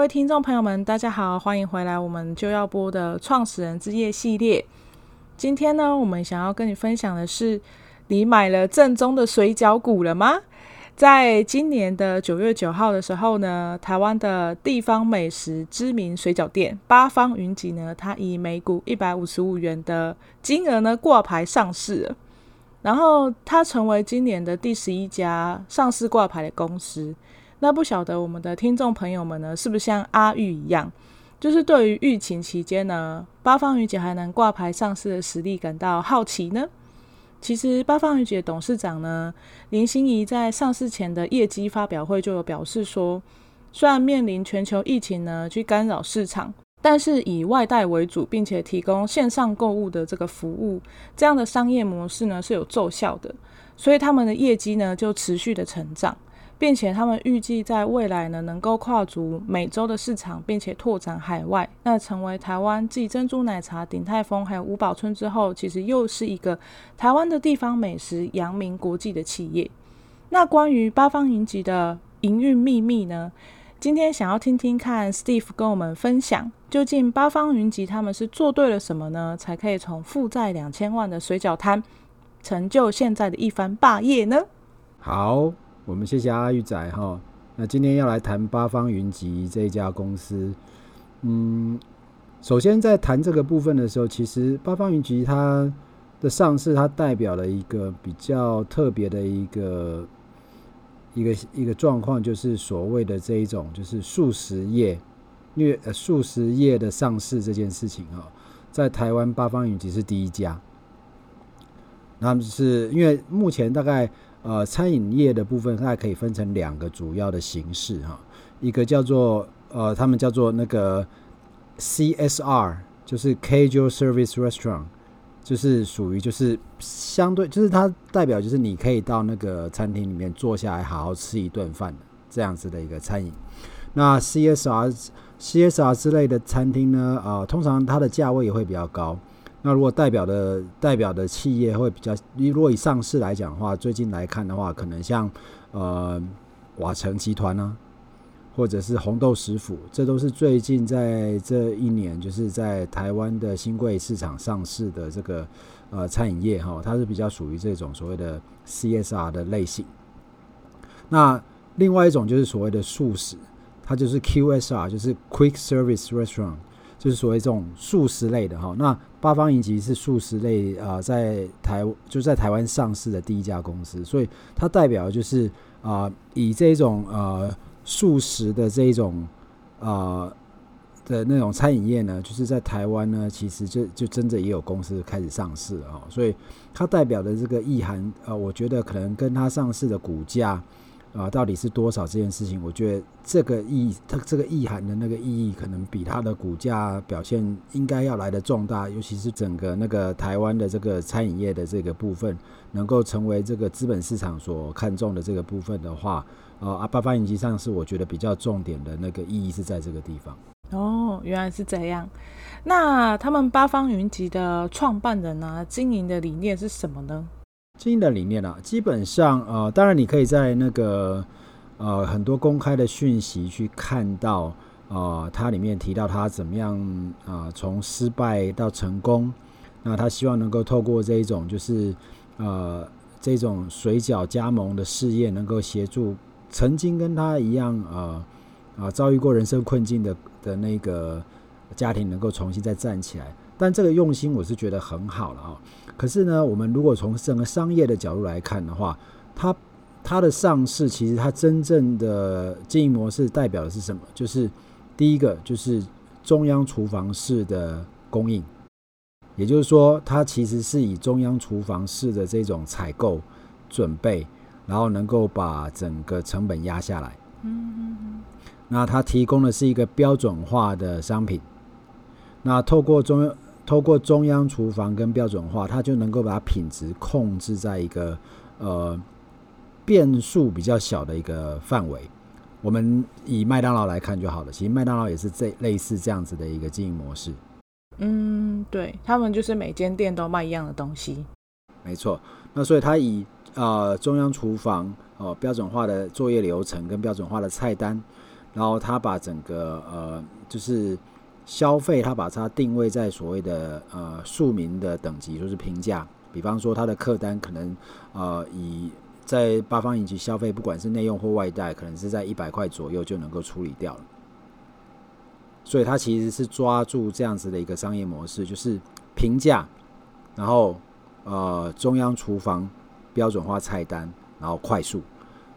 各位聽眾朋友們，大家好，歡迎回來。我們就要播的創始人之夜系列，今天呢，我們想要跟你分享的是，你買了正宗的水餃股了嗎？在今年的九月九號的時候呢，台灣的地方美食知名水餃店八方雲集呢，它以每股一百五十五元的金額呢掛牌上市了，然後它成為今年的第十一家上市掛牌的公司。那不曉得我們的聽眾朋友們呢，是不是像阿玉一樣，就是對於疫情期間呢，八方雲集還能掛牌上市的實力感到好奇呢？其實八方雲集董事長呢林欣怡，在上市前的業績發表會就有表示說，雖然面臨全球疫情呢去干擾市場，但是以外帶為主，並且提供線上購物的這個服務，這樣的商業模式呢是有奏效的，所以他們的業績呢就持續的成長。並且他們預計在未來呢，能夠跨足美洲的市場，並且拓展海外，那成為台灣繼珍珠奶茶、鼎泰豐還有吳寶春之後，其實又是一個台灣的地方美食揚名國際的企業。那關於八方雲集的營運秘密呢？今天想要聽聽看 Steve 跟我們分享，究竟八方雲集他們是做對了什麼呢，才可以從負債兩千萬的水餃攤，成就現在的一番霸業呢？好。我們謝謝阿玉仔哈。那今天要來談八方雲集這一家公司。嗯，首先在談這個部分的時候，其實八方雲集它的上市，它代表了一個比較特別的一個一個一個狀況，就是所謂的這一種就是水餃業，因為呃水餃業的上市這件事情啊，在台灣八方雲集是第一家。那麼是因為目前大概，呃，餐飲業的部分它還可以分成兩個主要的形式哈，一個叫做呃，他們叫做那個 C S R，就是 Casual Service Restaurant，就是屬於就是相對就是它代表就是你可以到那個餐廳裡面坐下來好好吃一頓飯這樣子的一個餐飲。那 C S R C S R 之類的餐廳呢，呃，通常它的價位也會比較高。那如果代表的代表的企業會比較，如果以上市來講的話，最近來看的話，可能像呃瓦城集團呢、啊，或者是紅豆食府，這都是最近在這一年就是在台灣的興櫃市場上市的這個呃餐飲業哈、哦，它是比較屬於這種所謂的 CSR 的類型。那另外一種就是所謂的速食，它就是 QSR，就是 Quick Service Restaurant，就是所謂這種速食類的哈、哦、那。八方雲集其實是速食類，啊、呃，在台就在台灣上市的第一家公司，所以它代表的就是啊、呃，以這種啊，速、呃、食的這種啊、呃、的那種餐飲業呢，就是在台灣呢，其實就就真的也有公司開始上市啊、哦，所以它代表的這個意涵，啊、呃，我覺得可能跟它上市的股價。啊，到底是多少這件事情？我覺得這個意義，它這個意涵的那個意義，可能比它的股價表現應該要來得重大。尤其是整個那個台灣的這個餐飲業的這個部分，能夠成為這個資本市場所看重的這個部分的話，呃、啊，阿八方雲集上市我覺得比較重點的那個意義是在這個地方。哦，原來是這樣。那他們八方雲集的創辦人啊，經營的理念是什麼呢？新的理念啊，基本上啊、呃，當然你可以在那個呃很多公開的訊息去看到，啊、呃，他裡面提到他怎麼樣啊、呃，從失敗到成功，那他希望能夠透過這一種就是呃這種水餃加盟的事業，能夠協助曾經跟他一樣、呃、啊，啊遭遇過人生困境的的那個家庭，能夠重新再站起來。但這個用心，我是覺得很好了啊、哦。可是呢，我們如果從整個商業的角度來看的話，它它的上市其實它真正的經營模式代表的是什麼？就是第一個就是中央廚房式的供應，也就是說，它其實是以中央廚房式的這種採購準備，然後能夠把整個成本壓下來。那它提供的是一個標準化的商品，那透過中央。通過中央廚房跟標準化，它就能夠把品質控制在一個呃變數比較小的一個範圍。我們以麥當勞來看就好了，其實麥當勞也是這類似這樣子的一個經營模式。嗯，對他們就是每間店都賣一樣的東西。沒錯，那所以他以啊、呃、中央廚房哦、呃、標準化的作業流程跟標準化的菜單，然後他把整個呃就是。消費，它把它定位在所謂的呃庶民的等級，就是平價。比方說，它的客單可能呃以在八方雲集消費，不管是內用或外帶，可能是在一百塊左右就能夠處理掉了。所以它其實是抓住這樣子的一個商業模式，就是平價，然後呃中央廚房標準化菜單，然後快速，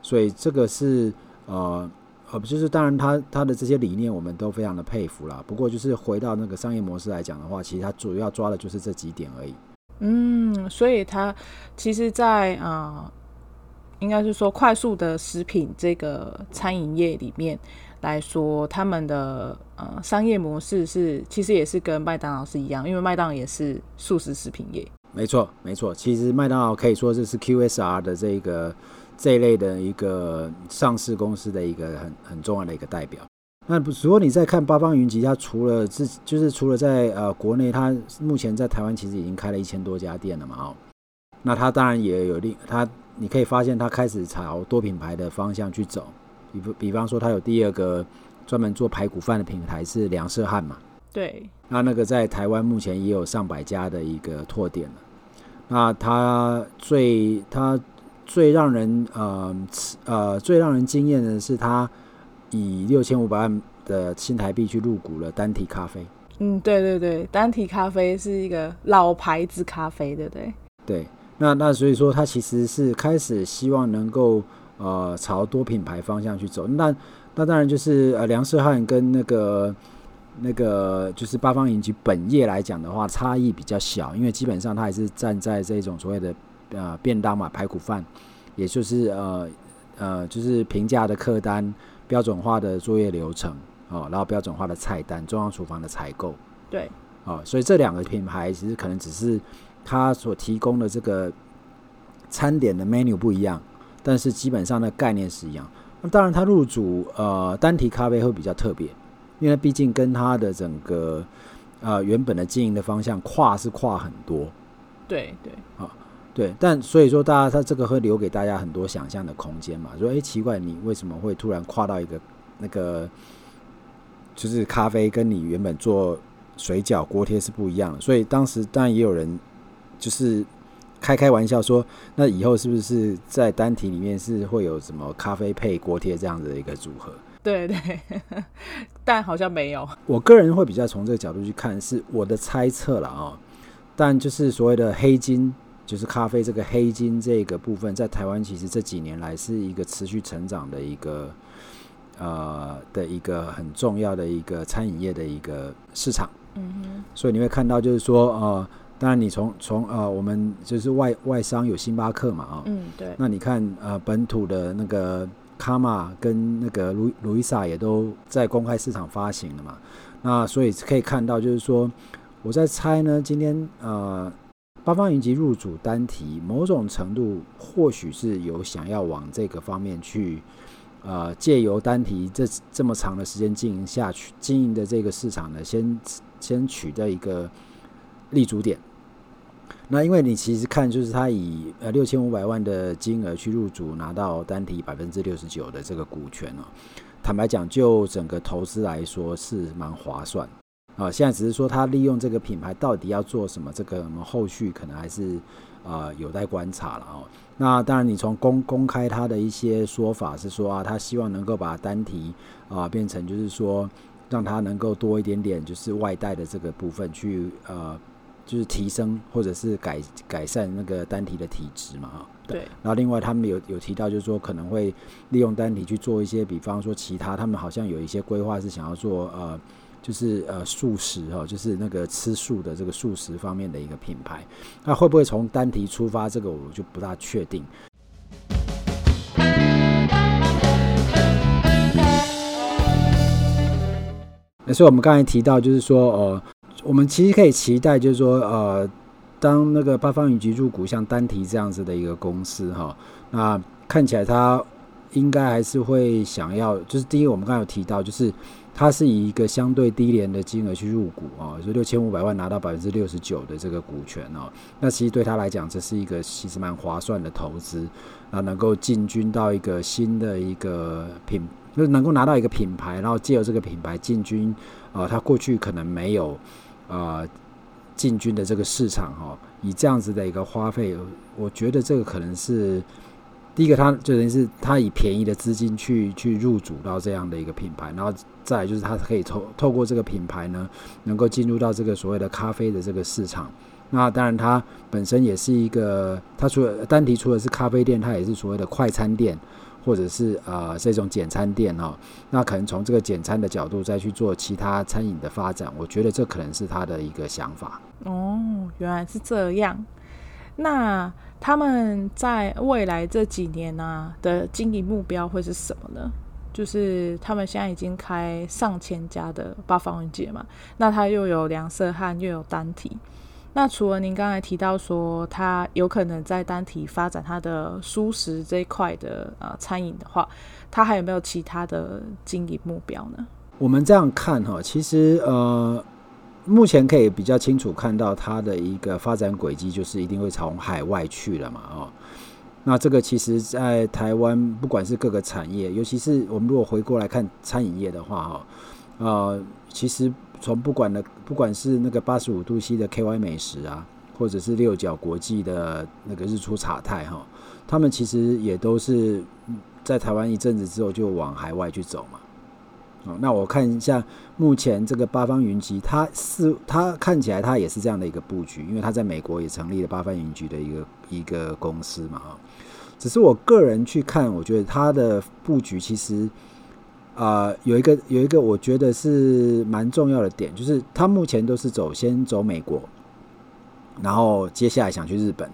所以這個是呃。啊，不、哦、就是當然他，他他的這些理念我們都非常的佩服啦。不過，就是回到那個商業模式來講的話，其實他主要抓的就是這幾點而已。嗯，所以他其實在，在、呃、啊，應該是說快速的食品這個餐飲業裡面來說，他們的呃商業模式是其實也是跟麥當勞是一樣，因為麥當勞也是素食食品業。沒錯，沒錯。其實麥當勞可以說這是 QSR 的這個。這一類的一個上市公司的一個很很重要的一個代表。那不如果你在看八方雲集，它除了自就是除了在呃國內，它目前在台灣其實已經開了一千多家店了嘛，哦。那它當然也有另它，你可以發現它開始朝多品牌的方向去走。比比方說，它有第二個專門做排骨飯的品牌，是梁社漢嘛？對。那那個在台灣目前也有上百家的一個拓店了。那它最它。他最讓人呃呃最讓人驚豔的是，他以六千五百萬的新台幣去入股了丹堤咖啡。嗯，對對對，丹堤咖啡是一個老牌子咖啡，對不對？對，那那所以說他其實是開始希望能夠呃朝多品牌方向去走。那那當然就是呃梁社漢跟那個那個就是八方雲集本業來講的話，差異比較小，因為基本上他也是站在這種所謂的。啊、呃，便當嘛，排骨飯，也就是呃呃，就是平價的客單，標準化的作業流程，哦、呃，然後標準化的菜單，中央廚房的採購，對、呃，所以這兩個品牌其實可能只是它所提供的這個餐點的 menu 不一樣，但是基本上的概念是一樣。那、啊、當然，他入主呃丹堤咖啡會比較特別，因為畢竟跟他的整個呃原本的經營的方向跨是跨很多，對對，啊。呃對，但所以說，大家他這個會留給大家很多想象的空間嘛，說，哎，奇怪，你為什麼會突然跨到一個那個，就是咖啡跟你原本做水餃鍋貼是不一樣的？所以當時當然也有人就是開開玩笑說，那以後是不是在單體裡面是會有什麼咖啡配鍋貼這樣子的一個組合？對對呵呵，但好像沒有。我個人會比較從這個角度去看，是我的猜測了啊、哦。但就是所謂的黑金。就是咖啡這個黑金這個部分，在台灣其實這幾年來是一個持續成長的一個，呃，的一個很重要的一個餐飲業的一個市場。嗯哼。所以你會看到，就是說，呃，當然你從從呃，我們就是外外商有星巴克嘛，啊，嗯，對。那你看，呃，本土的那個卡瑪跟那個路路易莎也都在公開市場發行了嘛。那所以可以看到，就是說，我在猜呢，今天呃。八方雲集入主丹堤，某種程度或許是有想要往這個方面去，呃，借由丹堤這這麼長的時間經營下去，經營的這個市場呢，先先取得一個立足點。那因為你其實看，就是他以呃六千五百萬的金額去入主，拿到丹堤百分之六十九的這個股權哦、啊。坦白講，就整個投資來說是蠻划算的。啊，現在只是說他利用這個品牌到底要做什麼，這個我們後續可能還是啊、呃、有待觀察了啊、哦，那當然你，你從公公開他的一些說法是說啊，他希望能夠把丹堤啊、呃、變成就是說讓他能夠多一點點就是外帶的這個部分去呃，就是提升，或者是改改善那個丹堤的體質嘛。對。那對另外他們有有提到就是說可能會利用丹堤去做一些，比方說其他他們好像有一些規劃是想要做呃。就是呃素食哈、哦，就是那個吃素的這個素食方面的一個品牌，那會不會從丹堤出發？這個我就不大確定。那 所以我們剛才提到，就是說呃，我們其實可以期待，就是說呃，當那個八方雲集入股像丹堤這樣子的一個公司哈、哦，那看起來他應該還是會想要，就是第一，我們剛才有提到，就是。他是以一個相對低廉的金額去入股哦，就六千五百萬拿到百分之六十九的這個股權哦。那其實對他來講，這是一個其實蠻划算的投資啊，能夠進軍到一個新的一個品，就是能夠拿到一個品牌，然後借由這個品牌進軍啊，他、呃、過去可能沒有啊、呃、進軍的這個市場哈、哦。以這樣子的一個花費，我覺得這個可能是。第一個，他就等於是他以便宜的資金去去入主到這樣的一個品牌，然後再來就是他可以透透過這個品牌呢，能夠進入到這個所謂的咖啡的這個市場。那當然，他本身也是一個，他除了單提出的是咖啡店，他也是所謂的快餐店，或者是呃這種簡餐店哦、喔。那可能從這個簡餐的角度再去做其他餐飲的發展，我覺得這可能是他的一個想法。哦，原來是這樣。那。他們在未來這幾年呢的經營目標會是什麼呢？就是他們現在已經開上千家的八方雲集嘛，那他又有梁社漢又有丹堤，那除了您剛才提到說他有可能在丹堤發展他的熟食這塊的呃餐飲的話，他還有沒有其他的經營目標呢？我們這樣看哈，其實呃。目前可以比較清楚看到它的一個發展軌跡，就是一定會從海外去了嘛，哦，那這個其實，在台灣不管是各個產業，尤其是我們如果回過來看餐飲業的話，哦。呃，其實從不管的，不管是那個八十五度 C 的 KY 美食啊，或者是六角國際的那個日出茶太哈，他們其實也都是在台灣一陣子之後就往海外去走嘛。哦、嗯，那我看一下，目前這個八方雲集，它是它看起來它也是這樣的一個布局，因為它在美國也成立了八方雲集的一個一個公司嘛，只是我個人去看，我覺得它的布局其實啊有一個有一個，一個我覺得是蠻重要的點，就是它目前都是走先走美國，然後接下來想去日本，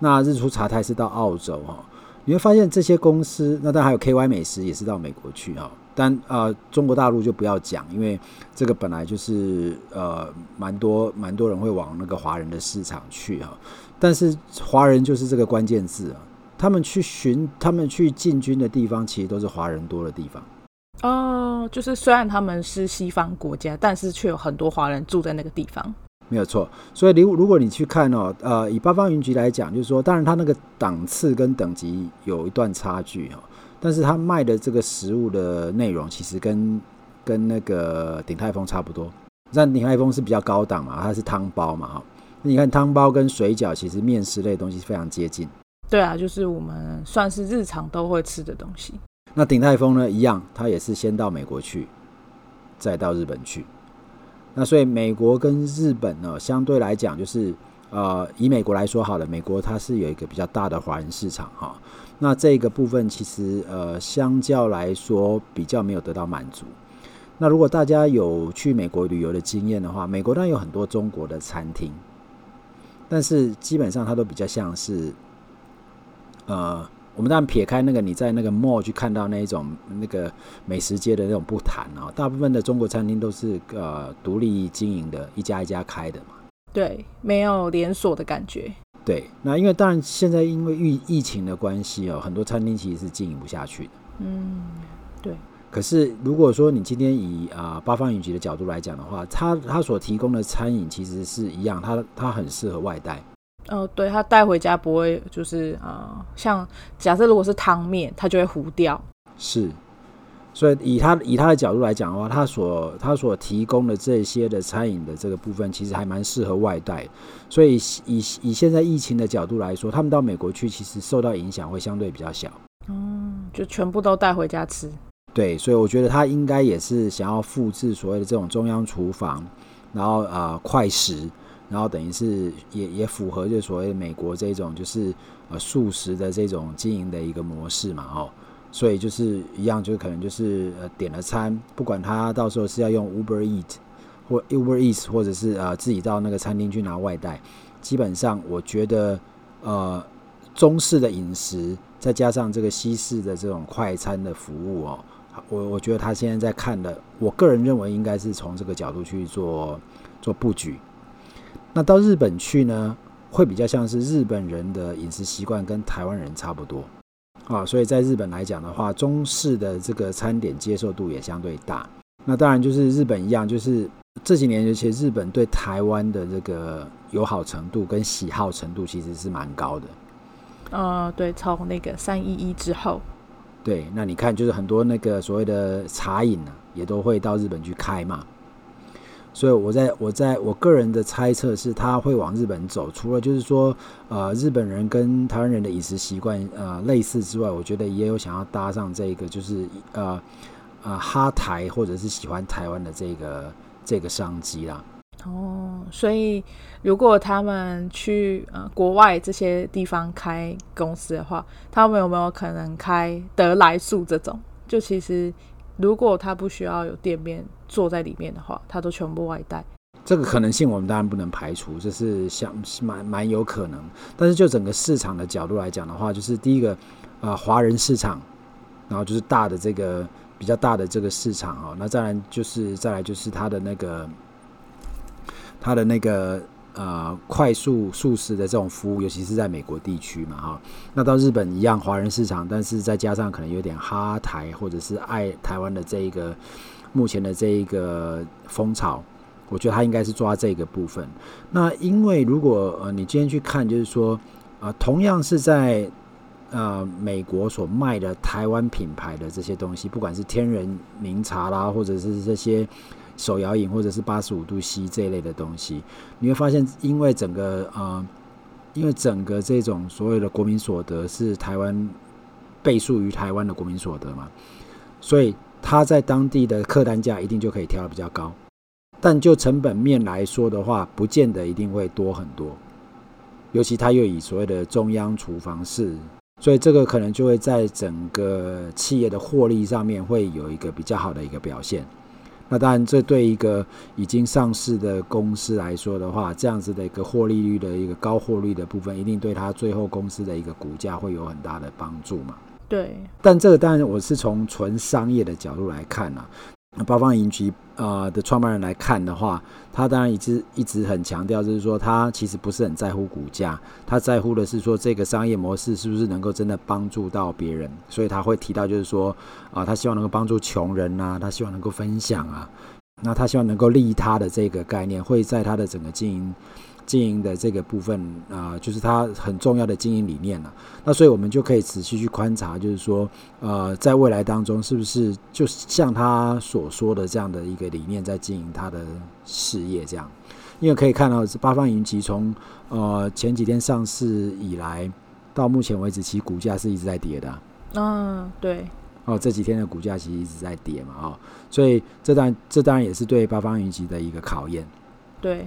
那日出茶太是到澳洲哈、哦，你會發現這些公司，那它還有 KY 美食也是到美國去哈。哦但啊、呃，中國大陸就不要講，因為這個本來就是呃，蠻多蠻多人會往那個華人的市場去哈。但是華人就是這個關鍵字啊，他們去尋他們去進軍的地方，其實都是華人多的地方。哦，就是雖然他們是西方國家，但是卻有很多華人住在那個地方。沒有錯，所以如如果你去看哦，呃，以八方雲集來講，就是說，當然他那個檔次跟等級有一段差距啊。但是他賣的這個食物的內容，其實跟跟那個鼎泰豐差不多。那鼎泰豐是比較高檔嘛，它是湯包嘛，哈。那你看湯包跟水餃，其實麵食類的東西非常接近。對啊，就是我們算是日常都會吃的東西。那鼎泰豐呢，一樣，它也是先到美國去，再到日本去。那所以美國跟日本呢，相對來講，就是呃，以美國來說好了，美國它是有一個比較大的華人市場，哈。那這個部分其實，呃，相較來說比較沒有得到滿足。那如果大家有去美國旅遊的經驗的話，美國當然有很多中國的餐廳，但是基本上它都比較像是，呃，我們當然撇開那個你在那個 mall 去看到那一種那個美食街的那種不談啊、哦，大部分的中國餐廳都是呃獨立經營的，一家一家開的嘛。對，沒有連鎖的感覺。對，那因為當然現在因為疫疫情的關係哦，很多餐廳其實是經營不下去的。嗯，對。可是如果說你今天以啊、呃、八方雲集的角度來講的話，他他所提供的餐飲其實是一樣，他他很適合外帶。哦、呃，對，他帶回家不會就是啊、呃，像假設如果是湯麵，他就會糊掉。是。所以，以他以他的角度來講的話，他所他所提供的這些的餐飲的這個部分，其實還蠻適合外帶。所以，以，以以現在疫情的角度來說，他們到美國去，其實受到影響會相對比較小。嗯，就全部都帶回家吃。對，所以我覺得他應該也是想要複製所謂的這種中央廚房，然後呃，快食，然後等於是也也符合就所謂的美國這種就是呃速食的這種經營的一個模式嘛，哦。所以就是一樣，就是可能就是呃點了餐，不管他到時候是要用 Uber Eat 或 Uber Eats 或者是呃自己到那個餐廳去拿外帶，基本上我覺得呃中式的飲食再加上這個西式的這種快餐的服務哦，我我覺得他現在在看的，我個人認為應該是從這個角度去做做布局。那到日本去呢，會比較像是日本人的飲食習慣跟台灣人差不多。啊，所以在日本來講的話，中式的這個餐點接受度也相對大。那當然就是日本一樣，就是這幾年其實日本對台灣的這個友好程度跟喜好程度其實是蠻高的。呃、嗯，對，從那個三一一之後，對，那你看就是很多那個所謂的茶飲呢、啊，也都會到日本去開嘛。所以，我在我在我個人的猜測是，他會往日本走。除了就是說，呃，日本人跟台灣人的飲食習慣，呃，類似之外，我覺得也有想要搭上這個，就是呃，呃哈台或者是喜歡台灣的這個這個商機啦。哦，所以如果他們去呃國外這些地方開公司的話，他們有沒有可能開得來速這種？就其實，如果他不需要有店面，坐在裡面的話，他都全部外帶。這個可能性我們當然不能排除，這是想蠻蠻有可能。但是就整個市場的角度來講的話，就是第一個，呃，華人市場，然後就是大的這個比較大的這個市場啊、哦。那再然就是再來就是它的那個，它的那個呃快速速食的這種服務，尤其是在美國地區嘛哈、哦。那到日本一樣華人市場，但是再加上可能有點哈台或者是愛台灣的這一個。目前的這一個風潮，我覺得它應該是抓這個部分。那因為如果呃，你今天去看，就是說、呃，同樣是在、呃、美國所賣的台灣品牌的這些東西，不管是天仁茗茶啦，或者是這些手搖飲，或者是八十五度 C 這一類的東西，你會發現，因為整個呃，因為整個這種所有的國民所得是台灣倍數於台灣的國民所得嘛，所以。它在當地的客單價一定就可以調得比較高，但就成本面來說的話，不見得一定會多很多。尤其它又以所謂的中央廚房式，所以這個可能就會在整個企業的獲利上面會有一個比較好的一個表現。那當然，這對一個已經上市的公司來說的話，這樣子的一個獲利率的一個高獲利的部分，一定對它最後公司的一個股價會有很大的幫助嘛。對，但這個當然我是從純商業的角度來看啊。八方雲集啊、呃、的創辦人來看的話，他當然一直一直很強調，就是說他其實不是很在乎股價，他在乎的是說這個商業模式是不是能夠真的幫助到別人。所以他會提到，就是說啊，他希望能夠幫助窮人吶、啊，他希望能夠分享啊，那他希望能夠利他的這個概念會在他的整個經營。經營的這個部分啊、呃，就是它很重要的經營理念了、啊。那所以我們就可以仔細去觀察，就是說，呃，在未來當中，是不是就像他所說的這樣的一個理念，在經營他的事業這樣？因為可以看到，是八方雲集從，從呃前幾天上市以來到目前為止，其實股價是一直在跌的、啊。嗯，對。哦，這幾天的股價其實一直在跌嘛，哦，所以這當這當然也是對八方雲集的一個考驗。對。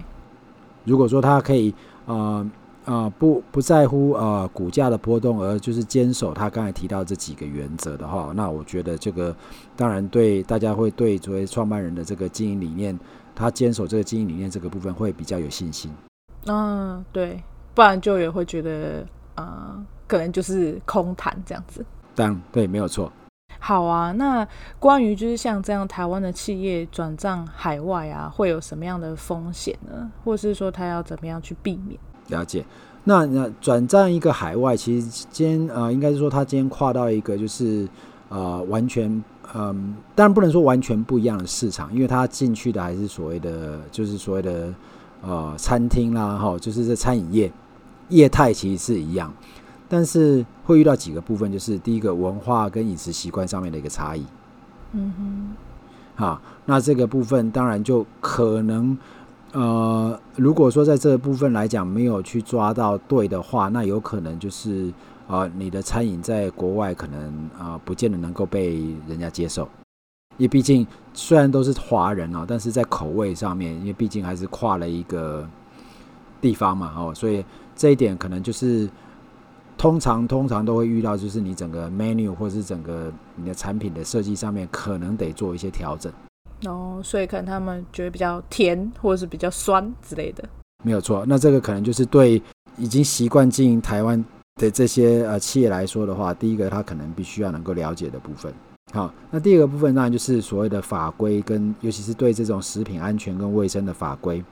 如果說他可以，呃，呃，不不在乎呃股價的波動，而就是堅守他剛才提到這幾個原則的話，那我覺得這個當然對大家會對作為創辦人的這個經營理念，他堅守這個經營理念這個部分會比較有信心。嗯、呃，對，不然就也會覺得呃，可能就是空談這樣子。但，對，沒有錯。好啊，那關於就是像這樣台灣的企業轉戰海外啊，會有什麼樣的風險呢？或者是說他要怎麼樣去避免？了解。那那轉戰一個海外，其實今天啊、呃，應該是說他今天跨到一個就是呃完全嗯、呃，當然不能說完全不一樣的市場，因為他進去的還是所謂的就是所謂的呃餐廳啦，哈，就是這餐飲業業態其實是一樣。但是會遇到幾個部分，就是第一個文化跟飲食習慣上面的一個差異。嗯哼，好、啊，那這個部分當然就可能，呃，如果說在這個部分來講沒有去抓到對的話，那有可能就是呃，你的餐飲在國外可能啊、呃，不見得能夠被人家接受。因為畢竟雖然都是華人啊，但是在口味上面，因為畢竟還是跨了一個地方嘛，哦，所以這一點可能就是。通常通常都會遇到，就是你整個 menu 或者是整個你的產品的設計上面，可能得做一些調整。哦，所以可能他們覺得比較甜，或者是比較酸之類的。沒有錯，那這個可能就是對已經習慣經營台灣的這些呃企業來說的話，第一個他可能必須要能夠了解的部分。好，那第二個部分當然就是所謂的法規跟，尤其是對這種食品安全跟衛生的法規，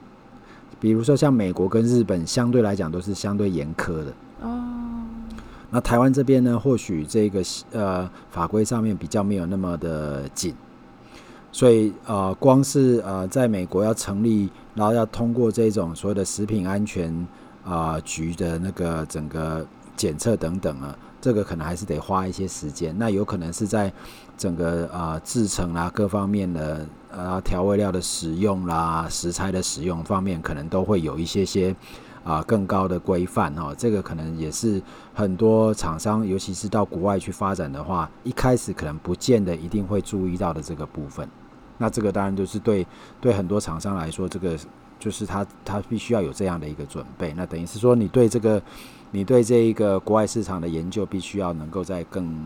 比如說像美國跟日本，相對來講都是相對嚴苛的。哦，oh. 那台灣這邊呢，或許這個呃法規上面比較沒有那麼的緊，所以呃，光是呃在美國要成立，然後要通過這種所謂的食品安全啊、呃、局的那個整個檢測等等啊，這個可能還是得花一些時間。那有可能是在整個、呃、啊製程啊，各方面的啊，調味料的使用啦，食材的使用方面，可能都會有一些些。啊，更高的規範哦，這個可能也是很多廠商，尤其是到國外去發展的話，一開始可能不見得一定會注意到的這個部分。那這個當然就是對對很多廠商來說，這個就是他他必須要有這樣的一個準備。那等於是說，你對這個你對這一個國外市場的研究，必須要能夠再更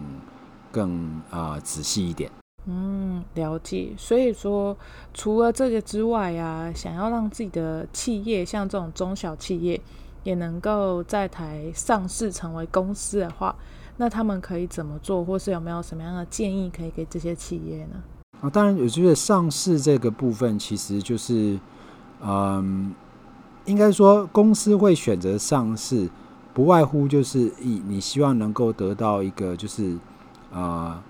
更啊、呃、仔細一點。嗯，了解。所以說，除了這個之外啊，想要讓自己的企業像這種中小企業也能夠在台上市成為公司的話，那他們可以怎麼做，或是有沒有什麼樣的建議可以給這些企業呢？啊，當然，我覺得上市這個部分，其實就是，嗯、呃，應該說公司會選擇上市，不外乎就是你你希望能夠得到一個就是啊。呃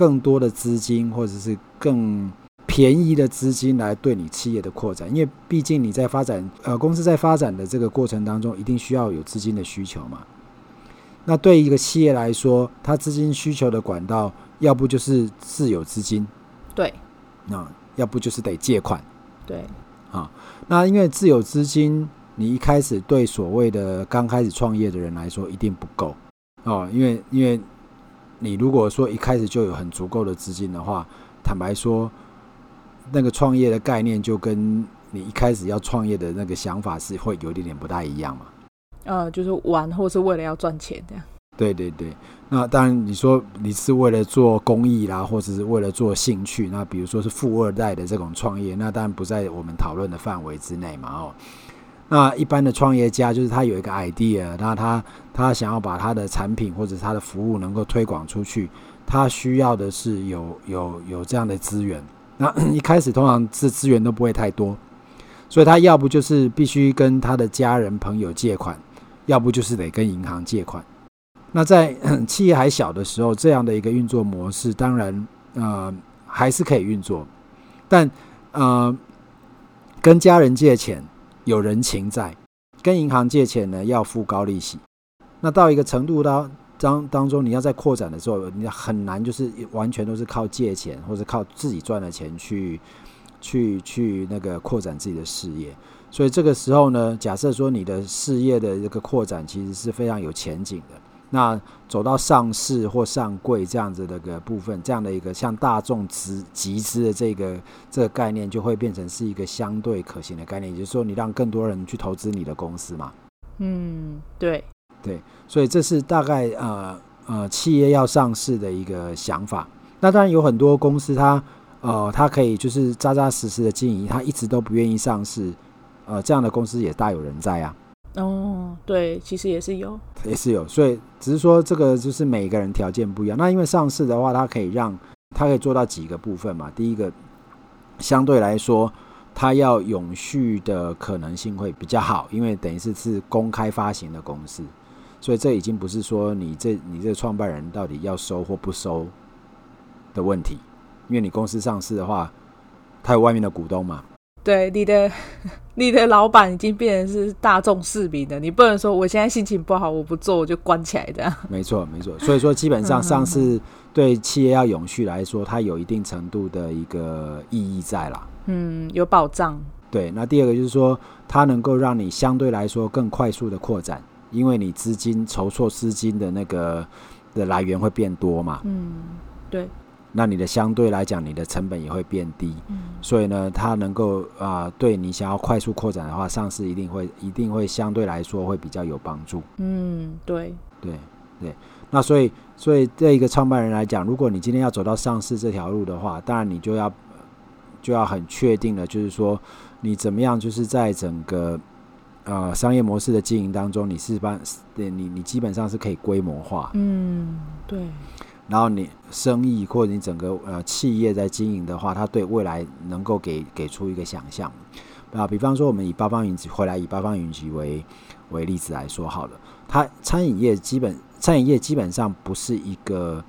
更多的資金，或者是更便宜的資金來對你企業的擴展，因為畢竟你在發展，呃，公司在發展的這個過程當中，一定需要有資金的需求嘛。那對一個企業來說，它資金需求的管道，要不就是自有資金，對，那、嗯、要不就是得借款，對，啊、嗯，那因為自有資金，你一開始對所謂的剛開始創業的人來說，一定不夠哦、嗯，因為因為。你如果說一開始就有很足夠的資金的話，坦白說，那個創業的概念就跟你一開始要創業的那個想法是會有一點點不太一樣嘛。呃，就是玩或是為了要賺錢這樣。對對對，那當然你說你是為了做公益啦，或者是為了做興趣，那比如說是富二代的這種創業，那當然不在我們討論的範圍之內嘛哦。那一般的創業家就是他有一個 idea，那他他想要把他的產品或者他的服務能夠推廣出去，他需要的是有有有這樣的資源。那一開始通常資資源都不會太多，所以他要不就是必須跟他的家人朋友借款，要不就是得跟銀行借款。那在企業還小的時候，這樣的一個運作模式，當然呃還是可以運作，但呃跟家人借錢。有人情在，跟銀行借錢呢，要付高利息，那到一個程度當當當中，你要再擴展的時候，你很難就是完全都是靠借錢或者靠自己賺的錢去去去那個擴展自己的事業。所以這個時候呢，假設說你的事業的這個擴展其實是非常有前景的。那走到上市或上櫃這樣子的一個部分，這樣的一個像大眾資集資的這個這個概念，就會變成是一個相對可行的概念。也就是說，你讓更多人去投資你的公司嘛。嗯，對對，所以這是大概呃呃企業要上市的一個想法。那當然有很多公司它呃它可以就是扎扎實實的經營，它一直都不願意上市，呃這樣的公司也大有人在啊。哦，對，其實也是有，也是有，所以只是說這個就是每個人條件不一樣。那因為上市的話，它可以讓它可以做到幾個部分嘛。第一個，相對來說，它要永續的可能性會比較好，因為等於是是公開發行的公司，所以這已經不是說你這你這創辦人到底要收或不收的問題，因為你公司上市的話，它有外面的股東嘛。對你的，你的老闆已經變成是大眾市民了，你不能說我現在心情不好，我不做我就關起來的。沒錯，沒錯。所以說，基本上上市對企業要永續來說， 嗯嗯、它有一定程度的一個意義在啦。嗯，有保障。對，那第二個就是說，它能夠讓你相對來說更快速的擴展，因為你資金籌措資金的那個的來源會變多嘛。嗯，對。那，你的相對來講，你的成本也會變低，嗯，所以呢，它能夠啊，對你想要快速擴展的話，上市一定會一定會相對來說會比較有幫助，嗯，對，對對。那所以所以，這一個創辦人來講，如果你今天要走到上市這條路的話，當然你就要就要很確定的就是說你怎麼樣，就是在整個呃商業模式的經營當中你，你是把對你你基本上是可以規模化，嗯，對。然後你生意或者你整個呃企業在經營的話，它對未來能夠給給出一個想象啊。那比方說，我們以八方雲集回來，以八方雲集為為例子來說好了。它餐飲業基本餐飲業基本上不是一個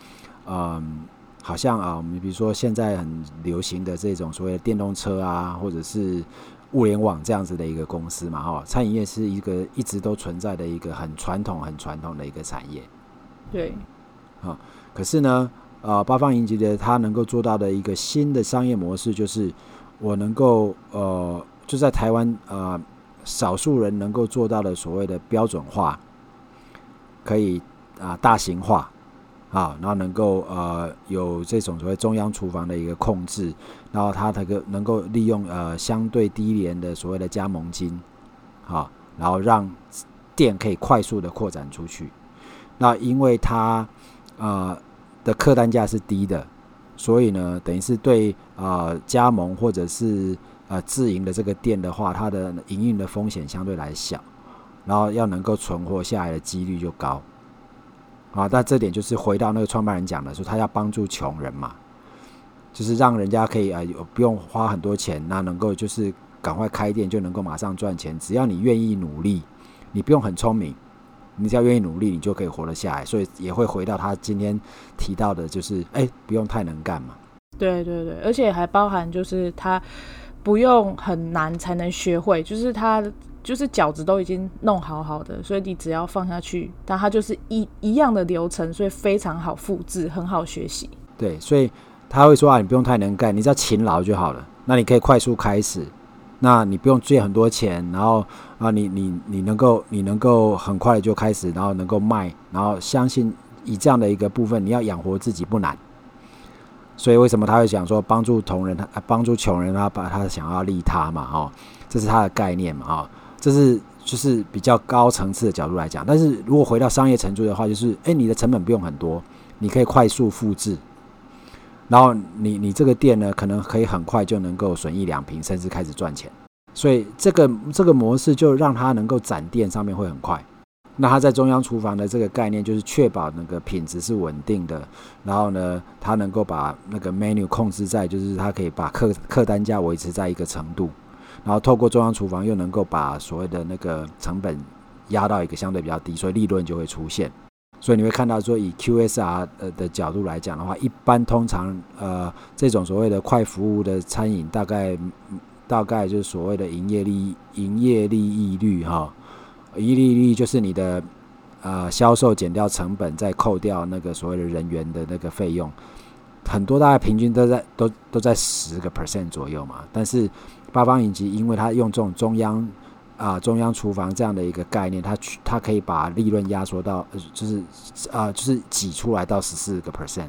嗯，好像啊，我們比如說現在很流行的這種所謂的電動車啊，或者是物聯網這樣子的一個公司嘛，哈、哦。餐飲業是一個一直都存在的一個很傳統、很傳統的一個產業。對。啊，可是呢，呃，八方雲集的它能夠做到的一個新的商業模式，就是我能夠呃，就在台灣呃，少數人能夠做到的所謂的標準化，可以啊，呃，大型化，啊，然後能夠呃，有這種所謂中央廚房的一個控制，然後它這個能夠利用呃相對低廉的所謂的加盟金，啊，然後讓店可以快速的擴展出去，那因為它。呃，的客單價是低的，所以呢，等於是對呃加盟或者是呃自營的這個店的話，它的營運的風險相對來小，然後要能夠存活下來的幾率就高。啊，但這點就是回到那個創辦人講的，說他要幫助窮人嘛，就是讓人家可以呃不用花很多錢，那能夠就是趕快開店就能夠馬上賺錢，只要你願意努力，你不用很聰明。你只要願意努力，你就可以活得下來。所以也會回到他今天提到的，就是哎、欸，不用太能幹嘛。對對對，而且還包含就是他不用很難才能學會，就是他就是餃子都已經弄好好的，所以你只要放下去，但他就是一一樣的流程，所以非常好複製，很好學習。對，所以他會說啊，你不用太能幹，你只要勤勞就好了。那你可以快速開始。那你不用借很多錢，然後啊，你你你能夠，你能夠很快就開始，然後能夠賣，然後相信以這樣的一個部分，你要養活自己不難。所以為什麼他會想說幫助同人，人他幫助窮人啊，把他想要利他嘛，哈，這是他的概念嘛，哈，這是就是比較高層次的角度來講。但是如果回到商業程度的話，就是誒、欸，你的成本不用很多，你可以快速複製。然後你你這個店呢，可能可以很快就能夠損益兩平，甚至開始賺錢。所以這個這個模式就讓它能夠展店上面會很快。那它在中央廚房的這個概念就是確保那個品質是穩定的，然後呢，它能夠把那個 menu 控制在，就是它可以把客客單價維持在一個程度，然後透過中央廚房又能夠把所謂的那個成本壓到一個相對比較低，所以利潤就會出現。所以你會看到說，以 QSR 呃的角度來講的話，一般通常呃這種所謂的快服務的餐飲，大概、嗯、大概就是所謂的營業利營業利益率哈，一、哦、利率就是你的呃銷售減掉成本，再扣掉那個所謂的人員的那個費用，很多大概平均都在都都在十個 percent 左右嘛。但是八方雲集，因為它用這種中央。啊，中央廚房這樣的一個概念，它去它可以把利潤壓縮到，就是啊，就是擠出來到十四個 percent。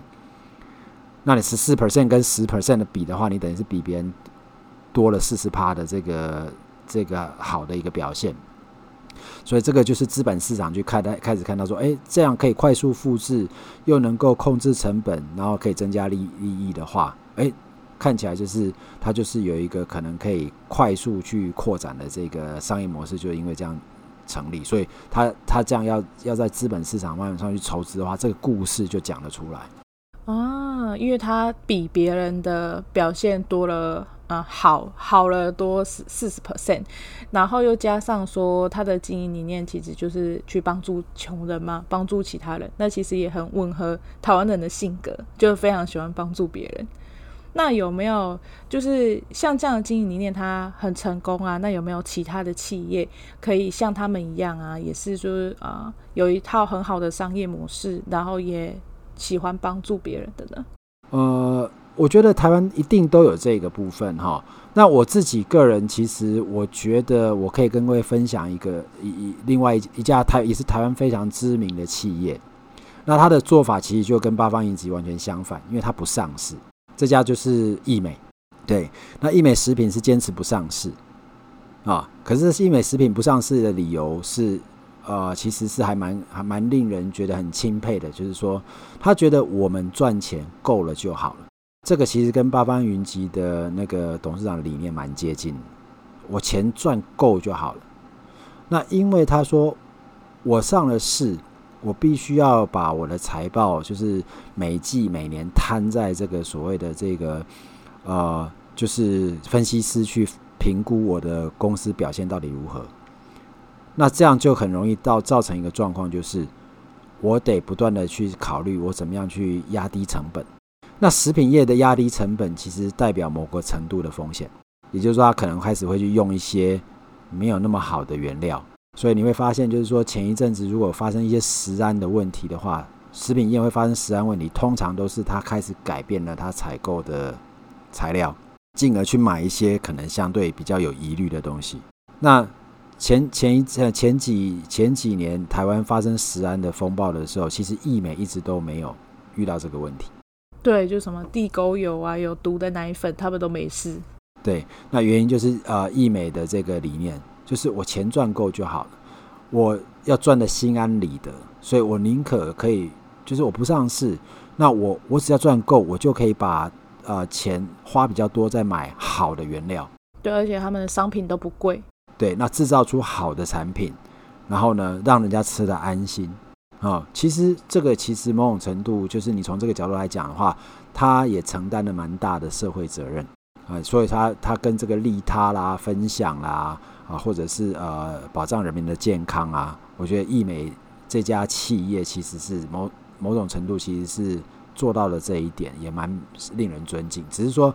那你十四 percent 跟十 percent 的比的話，你等於是比別人多了四十趴的這個這個好的一個表現。所以這個就是資本市場去看待開始看到說，哎，這樣可以快速複製，又能夠控制成本，然後可以增加利利益的話，哎。看起來就是它就是有一個可能可以快速去擴展的這個商業模式，就因為這樣成立，所以它它這樣要要在資本市場上面上去籌資的話，這個故事就講得出來啊，因為它比別人的表現多了啊、呃，好好了多四四十 percent，然後又加上說它的經營理念其實就是去幫助窮人嘛，幫助其他人，那其實也很吻合台灣人的性格，就是非常喜歡幫助別人。那有沒有就是像這樣的經營理念，它很成功啊？那有沒有其他的企業可以像他們一樣啊？也是說啊，呃，有一套很好的商業模式，然後也喜歡幫助別人的呢？呃，我覺得台灣一定都有這個部分哈。那我自己個人，其實我覺得我可以跟各位分享一個一一另外一一家台也是台灣非常知名的企業。那他的做法其實就跟八方雲集完全相反，因為他不上市。這家就是義美，對，那義美食品是堅持不上市，啊，可是義美食品不上市的理由是，啊、呃，其實是還蠻還蠻令人覺得很欽佩的，就是說他覺得我們賺錢夠了就好了，這個其實跟八方雲集的那個董事長理念蠻接近，我錢賺夠就好了，那因為他說我上了市。我必須要把我的財報，就是每季每年攤在這個所謂的這個呃，就是分析師去評估我的公司表現到底如何。那這樣就很容易到造成一個狀況，就是我得不斷的去考慮我怎麼樣去壓低成本。那食品業的壓低成本其實代表某個程度的風險，也就是說，他可能開始會去用一些沒有那麼好的原料。所以你會發現，就是說前一陣子如果發生一些食安的問題的話，食品業會發生食安問題，通常都是他開始改變了他採購的材料，進而去買一些可能相對比較有疑慮的東西。那前前一呃前幾前幾年台灣發生食安的風暴的時候，其實義美一直都沒有遇到這個問題。對，就什麼地溝油啊、有毒的奶粉，他們都沒事。對，那原因就是呃義美的這個理念。就是我錢賺夠就好了，我要賺得心安理得，所以我寧可可以，就是我不上市，那我我只要賺夠，我就可以把呃錢花比較多在買好的原料。對，而且他們的商品都不貴。對，那製造出好的產品，然後呢，讓人家吃得安心啊、哦。其實這個其實某種程度，就是你從這個角度來講的話，他也承擔了蠻大的社會責任。啊、嗯，所以他他跟這個利他啦、分享啦，啊，或者是呃保障人民的健康啊，我覺得義美這家企業其實是某某種程度其實是做到了這一點，也蠻令人尊敬。只是說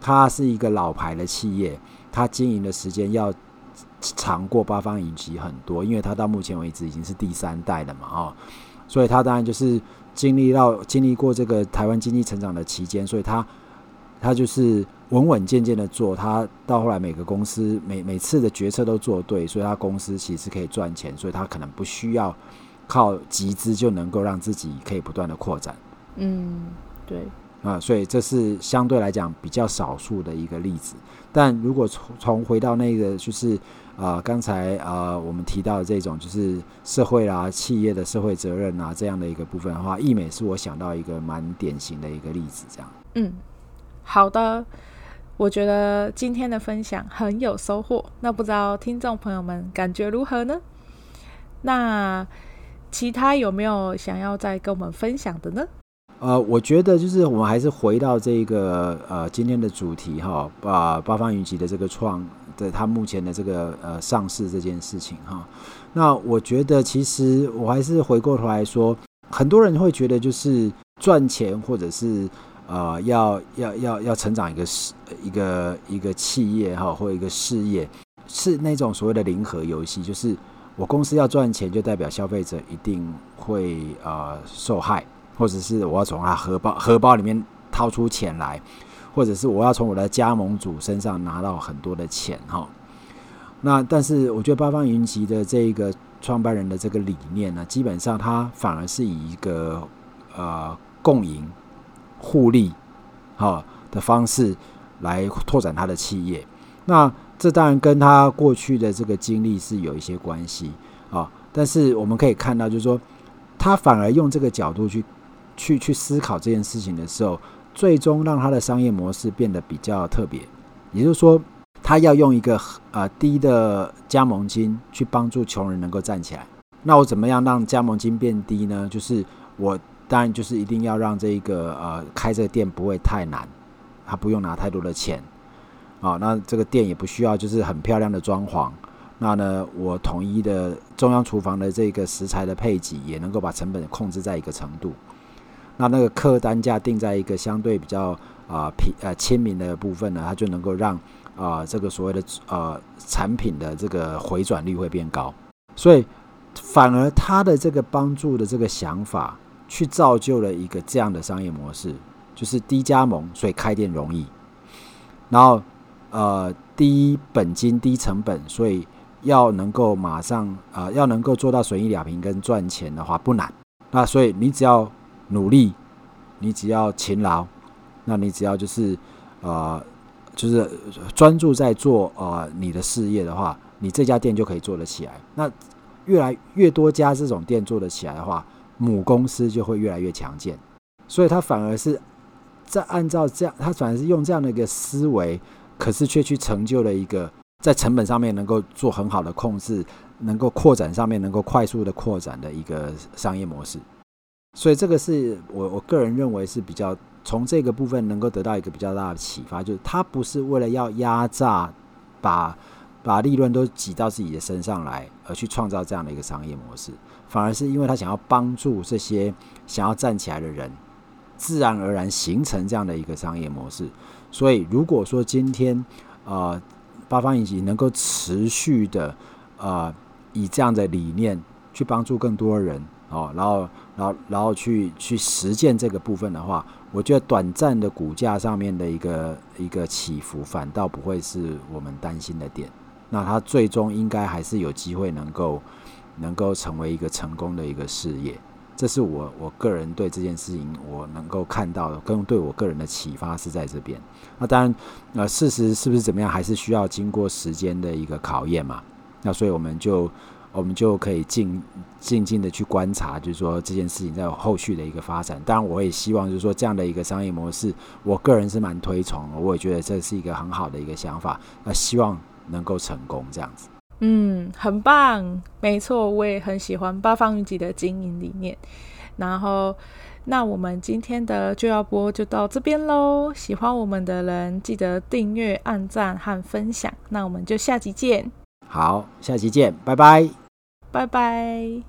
它是一個老牌的企業，它經營的時間要長過八方雲集很多，因為它到目前為止已經是第三代了嘛，哦，所以他當然就是經歷到經歷過這個台灣經濟成長的期間，所以他他就是。穩穩健健的做，他到後來每個公司每每次的決策都做對，所以他公司其實可以賺錢，所以他可能不需要靠集資就能夠讓自己可以不斷的擴展。嗯，對。啊，所以這是相對來講比較少數的一個例子。但如果從從回到那個就是啊、呃，剛才啊、呃、我們提到的這種就是社會啊企業的社會責任啊這樣的一個部分的話，義美是我想到一個蠻典型的一個例子，這樣。嗯，好的。我覺得今天的分享很有收穫，那不知道聽眾朋友們感覺如何呢？那其他有沒有想要再跟我們分享的呢？呃，我覺得就是我們還是回到這個呃今天的主題哈，把、哦、八方雲集的這個創的他目前的這個呃上市這件事情哈、哦。那我覺得其實我還是回過頭來說，很多人會覺得就是賺錢或者是。呃，要要要要成長一個事，一個一個企業哈，或一個事業，是那種所謂的零和遊戲，就是我公司要賺錢，就代表消費者一定會呃受害，或者是我要從他荷包荷包裡面掏出錢來，或者是我要從我的加盟主身上拿到很多的錢哈。那但是我覺得八方雲集的這個創辦人的這個理念呢，基本上他反而是以一個呃共贏。互利好的方式來拓展他的企業。那這當然跟他過去的這個經歷是有一些關係啊。但是我們可以看到，就是說他反而用這個角度去去去思考這件事情的時候，最終讓他的商業模式變得比較特別。也就是說，他要用一個呃低的加盟金去幫助窮人能夠站起來。那我怎麼樣讓加盟金變低呢？就是我。當然，就是一定要讓這個呃開這個店不會太難，他不用拿太多的錢，啊、哦，那這個店也不需要就是很漂亮的裝潢，那呢，我統一的中央廚房的這個食材的配給，也能夠把成本控制在一個程度，那那個客單價定在一個相對比較啊平呃親民的部分呢，它就能夠讓啊、呃、這個所謂的啊、呃、產品的這個回轉率會變高，所以反而他的這個幫助的這個想法，去造就了一個這樣的商業模式，就是低加盟，所以開店容易；然後，呃，低本金、低成本，所以要能夠馬上啊、呃，要能夠做到損益兩平跟賺錢的話不難。那所以你只要努力，你只要勤勞，那你只要就是呃，就是專注在做呃你的事業的話，你這家店就可以做得起來。那越來越多家這種店做得起來的話，母公司就會越來越強健，所以他反而是在按照這樣，他反而是用這樣的一個思維，可是卻去成就了一個在成本上面能夠做很好的控制，能夠擴展上面能夠快速的擴展的一個商業模式。所以這個是我我個人認為是比較從這個部分能夠得到一個比較大的啟發，就是他不是為了要壓榨，把把利潤都擠到自己的身上來，而去創造這樣的一個商業模式。反而是因為他想要幫助這些想要站起來的人，自然而然形成這樣的一個商業模式。所以，如果說今天呃，八方已經能夠持續的呃，以這樣的理念去幫助更多人哦，然後，然後，然後去去實踐這個部分的話，我覺得短暫的股價上面的一個一個起伏，反倒不會是我們擔心的點。那他最終應該還是有機會能夠。能夠成為一個成功的一個事業，這是我我個人對這件事情我能夠看到的，更對我個人的啟發是在這邊。那當然，那、呃、事實是不是怎麼樣，還是需要經過時間的一個考驗嘛。那所以我們就我們就可以靜靜靜的去觀察，就是說這件事情在有後續的一個發展。當然，我也希望就是說這樣的一個商業模式，我個人是蠻推崇的，我也覺得這是一個很好的一個想法。那希望能夠成功這樣子。嗯，很棒，沒錯，我也很喜歡八方雲集的經營理念。然後，那我們今天的就要播就到這邊嘍。喜歡我們的人，記得訂閱、按讚和分享。那我們就下集見。好，下集見，拜拜，拜拜。